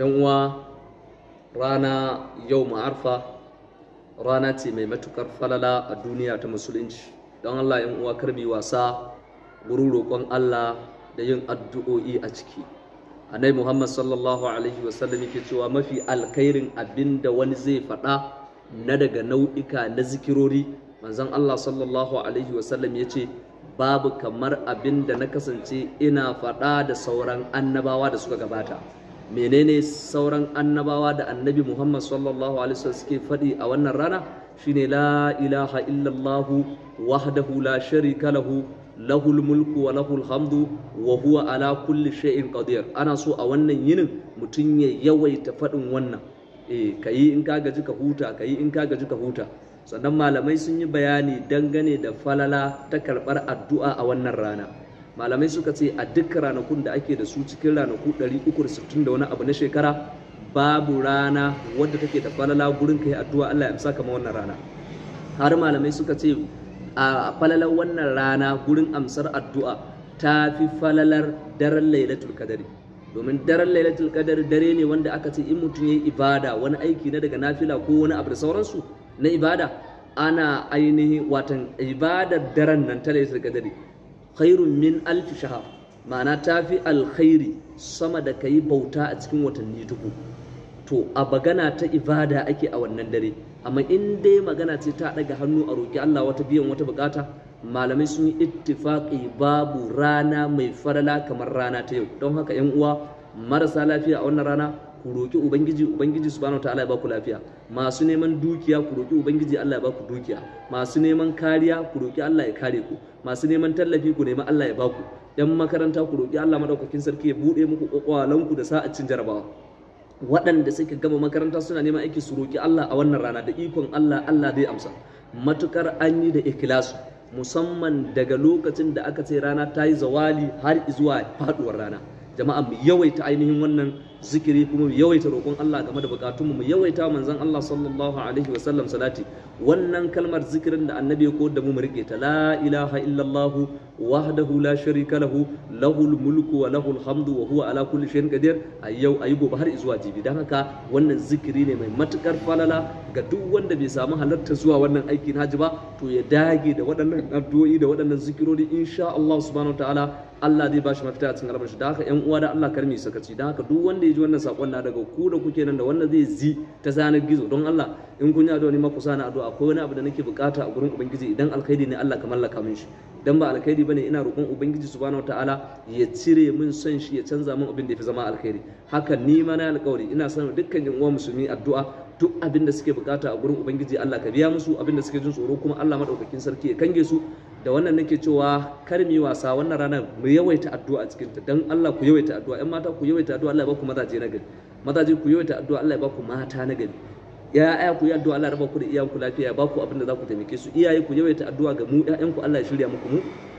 yan uwa rana yau ma'arfa rana ce mai matukar falala a duniya ta musulunci don allah yan uwa karbi wasa wurin roƙon allah da yin addu'o'i a ciki anai muhammad sallallahu alaihi wasallam yake cewa mafi alkhairin abin da wani zai faɗa na daga nau'ika na zikirori manzon allah sallallahu alaihi wasallam ya ce babu kamar abin da na kasance ina faɗa da sauran annabawa da suka gabata menene sauran annabawa da annabi Muhammad sallallahu alaihi wasallam suke faɗi a wannan rana shine la ilaha illallah wahdahu la sharika lahu lahul mulku wa lahul hamdu wa huwa ala kulli shay'in qadir ana so a wannan yinin mutum ya yawaita faɗin wannan eh kai in ka gaji ka huta kai in ka gaji ka huta sannan malamai sun yi bayani dangane da falala ta karɓar addu'a a wannan rana malamai suka ce a duk ranakun da ake da su cikin ranaku 360 da wani abu na shekara babu rana wadda take da falala gurin kai addu'a Allah ya amsa kama wannan rana har malamai suka ce a falalar wannan rana gurin amsar addu'a ta fi falalar daren lailatul kadari domin daren lailatul kadari dare ne wanda aka ce in mutum ya yi ibada wani aiki na daga nafila ko wani abu da sauransu na ibada ana ainihi watan ibadar daren nan ta lailatul kadari khairun min alfi shahar ma'ana ta fi alkhairi sama da ka yi bauta a cikin watanni duku to a magana ta ibada ake a wannan dare amma in dai magana ce ta ɗaga hannu a roƙi Allah wata biyan wata bukata malamai sun yi ittifaƙi babu rana mai farala kamar rana ta yau don haka 'yan uwa marasa lafiya a wannan rana ku roki ubangiji ubangiji subhanahu wataala ya baku lafiya masu neman dukiya ku roki ubangiji Allah ya baku dukiya masu neman kariya ku roki Allah ya kare ku masu neman tallafi ku nemi Allah ya baku yan makaranta ku roki Allah madaukakin sarki ya bude muku kokwalanku da cin jarabawa waɗanda suka gama makaranta suna neman aiki su roki Allah a wannan rana da ikon Allah Allah zai amsa matukar an yi da ikhlasu musamman daga lokacin da aka ce rana ta yi zawali har zuwa faduwar rana jama'a mu yawaita ainihin wannan zikiri kuma mu yawaita roƙon Allah game da buƙatunmu mu yawaita manzon Allah sallallahu alaihi wasallam salati wannan kalmar zikirin da annabi ya koyar da mu mu rike ta la ilaha illallah wahdahu la sharika lahu lahul mulku wa lahul hamdu wa huwa ala kulli shay'in qadir ayyau ayi gobe har zuwa jibi dan haka wannan zikiri ne mai matukar falala ga duk wanda bai samu halarta zuwa wannan aikin haji ba to ya dage da waɗannan addu'o'i da waɗannan zikirori insha Allah subhanahu wa ta'ala Allah zai ba shi mafita a cikin shi da haka ƴan uwa da Allah karmi sakaci da haka duk wanda ya ji wannan sakon na daga ku da kuke nan da wanda zai zi ta sanar gizo don Allah in kun yi addu'a ne na addu'a akwai wani abu da nake bukata a gurin ubangiji idan alkhairi ne Allah ka mallaka min shi dan ba alkhairi bane ina roƙon ubangiji subhanahu wataala ya cire min son shi ya canza min abin da yafi zama alkhairi haka ni ma na alƙawari ina son dukkan yan uwa musulmi addu'a duk abin da suke bukata a gurin ubangiji Allah ka biya musu abin da suke jin tsoro kuma Allah madaukakin sarki ya kange su da wannan nake cewa kar mu yi wasa wannan ranar mu yawaita addu'a cikin ta dan Allah ku yawaita addu'a ƴan mata ku yawaita addu'a Allah ya ba ku mazaje na gari mazaje ku yawaita addu'a Allah ya ba ku mata na gari ya aya ku yi addu'a Allah raba ku da iyayenku lafiya ba ku abin da za ku taimake su iyaye ku yawaita addu'a ga mu ku Allah ya shirya muku mu